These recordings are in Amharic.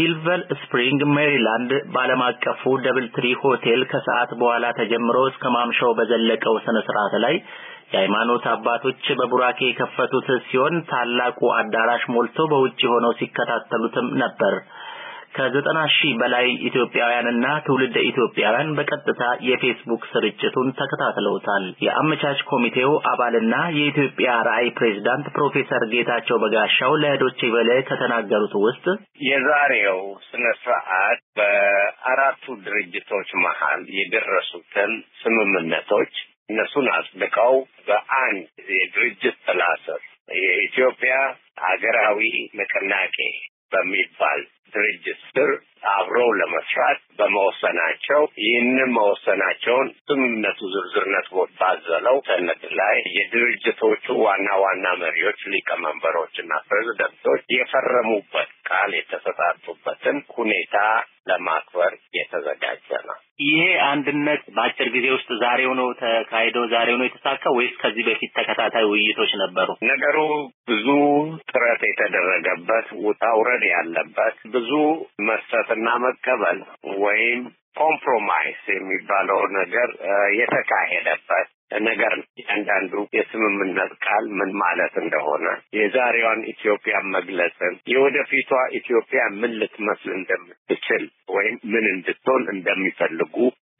በሲልቨር ስፕሪንግ ሜሪላንድ በዓለም አቀፉ ደብል ትሪ ሆቴል ከሰዓት በኋላ ተጀምሮ እስከ ማምሻው በዘለቀው ስነ ስርዓት ላይ የሃይማኖት አባቶች በቡራኬ የከፈቱት ሲሆን ታላቁ አዳራሽ ሞልቶ በውጪ ሆነው ሲከታተሉትም ነበር። ከዘጠና ሺህ በላይ ኢትዮጵያውያንና ትውልደ ኢትዮጵያውያን በቀጥታ የፌስቡክ ስርጭቱን ተከታትለውታል። የአመቻች ኮሚቴው አባልና የኢትዮጵያ ራዕይ ፕሬዝዳንት ፕሮፌሰር ጌታቸው በጋሻው ለዶቼ ቬለ ከተናገሩት ውስጥ የዛሬው ስነ ስርዓት በአራቱ ድርጅቶች መሀል የደረሱትን ስምምነቶች እነሱን አጽድቀው በአንድ የድርጅት ጥላ ስር የኢትዮጵያ ሀገራዊ ንቅናቄ በሚባል ድርጅት ስር አብረው ለመስራት በመወሰናቸው ይህንን መወሰናቸውን ስምምነቱ ዝርዝር ነጥቦች ባዘለው ሰነድ ላይ የድርጅቶቹ ዋና ዋና መሪዎች፣ ሊቀመንበሮች ሊቀመንበሮችና ፕሬዚደንቶች የፈረሙበት ቃል የተሰጣጡበትን ሁኔታ ለማክበር የተዘጋጀ ነው። ይሄ አንድነት በአጭር ጊዜ ውስጥ ዛሬው ነው ተካሂዶ ዛሬው ነው የተሳካ ወይስ ከዚህ በፊት ተከታታይ ውይይቶች ነበሩ? ነገሩ ብዙ ጥረት የተደረገበት ውጣ ውረድ ያለበት ብዙ መስጠትና መቀበል ወይም ኮምፕሮማይስ የሚባለው ነገር የተካሄደበት ነገር እያንዳንዱ የስምምነት ቃል ምን ማለት እንደሆነ የዛሬዋን ኢትዮጵያ መግለጽን የወደፊቷ ኢትዮጵያ ምን ልትመስል እንደምትችል ወይም ምን እንድትሆን እንደሚፈልጉ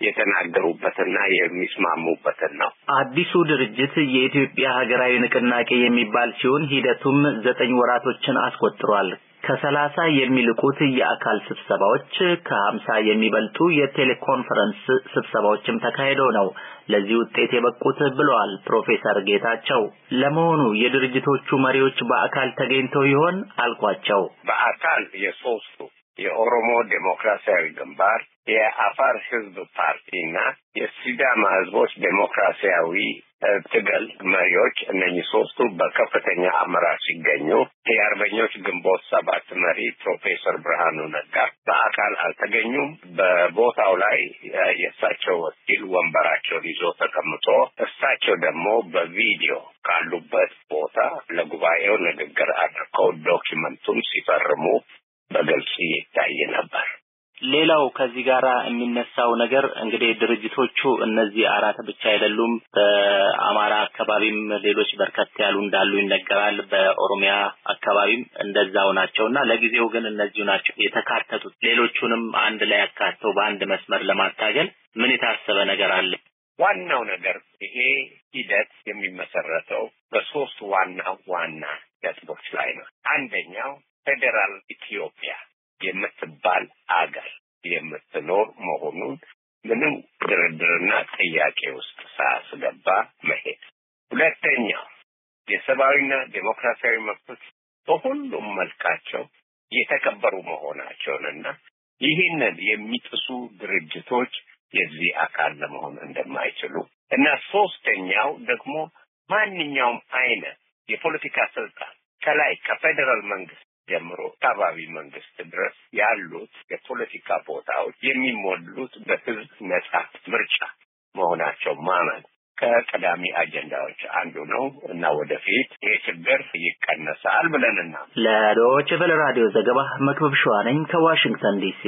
የተናገሩበትና የሚስማሙበትን ነው። አዲሱ ድርጅት የኢትዮጵያ ሀገራዊ ንቅናቄ የሚባል ሲሆን ሂደቱም ዘጠኝ ወራቶችን አስቆጥሯል። ከሰላሳ የሚልቁት የአካል ስብሰባዎች ከሀምሳ የሚበልጡ የቴሌኮንፈረንስ ስብሰባዎችም ተካሂደው ነው ለዚህ ውጤት የበቁት ብለዋል ፕሮፌሰር ጌታቸው። ለመሆኑ የድርጅቶቹ መሪዎች በአካል ተገኝተው ይሆን አልኳቸው። በአካል የሶስቱ የኦሮሞ ዴሞክራሲያዊ ግንባር የአፋር ፓርቲ ፓርቲና የሲዳማ ህዝቦች ዴሞክራሲያዊ ትግል መሪዎች እነኚህ ሶስቱ በከፍተኛ አመራር ሲገኙ የአርበኞች ግንቦት ሰባት መሪ ፕሮፌሰር ብርሃኑ ነጋ በአካል አልተገኙም። በቦታው ላይ የእሳቸው ወኪል ወንበራቸውን ይዞ ተቀምጦ እሳቸው ደግሞ በቪዲዮ ካሉበት ቦታ ለጉባኤው ንግግር አድርገው ዶኪመንቱን ሲፈርሙ በግልጽ ይታይ ነበር። ሌላው ከዚህ ጋር የሚነሳው ነገር እንግዲህ ድርጅቶቹ እነዚህ አራት ብቻ አይደሉም። በአማራ አካባቢም ሌሎች በርከት ያሉ እንዳሉ ይነገራል። በኦሮሚያ አካባቢም እንደዛው ናቸው እና ለጊዜው ግን እነዚሁ ናቸው የተካተቱት። ሌሎቹንም አንድ ላይ ያካተው በአንድ መስመር ለማታገል ምን የታሰበ ነገር አለ? ዋናው ነገር ይሄ ሂደት የሚመሰረተው በሶስት ዋና ዋና ገጥቦች ላይ ነው። አንደኛው ፌዴራል ኢትዮጵያ የምትባል አገር የምትኖር መሆኑን ምንም ድርድርና ጥያቄ ውስጥ ሳያስገባ መሄድ። ሁለተኛ የሰብአዊና ዴሞክራሲያዊ መብቶች በሁሉም መልካቸው የተከበሩ መሆናቸውንና ይህንን የሚጥሱ ድርጅቶች የዚህ አካል ለመሆን እንደማይችሉ እና ሶስተኛው ደግሞ ማንኛውም አይነት የፖለቲካ ስልጣን ከላይ ከፌዴራል መንግስት ጀምሮ አካባቢ መንግስት ድረስ ያሉት የፖለቲካ ቦታዎች የሚሞሉት በህዝብ ነጻ ምርጫ መሆናቸው ማመን ከቀዳሚ አጀንዳዎች አንዱ ነው እና ወደፊት ይህ ችግር ይቀነሳል ብለንና ለዶችቨል ራዲዮ ዘገባ መክበብ ሸዋ ነኝ ከዋሽንግተን ዲሲ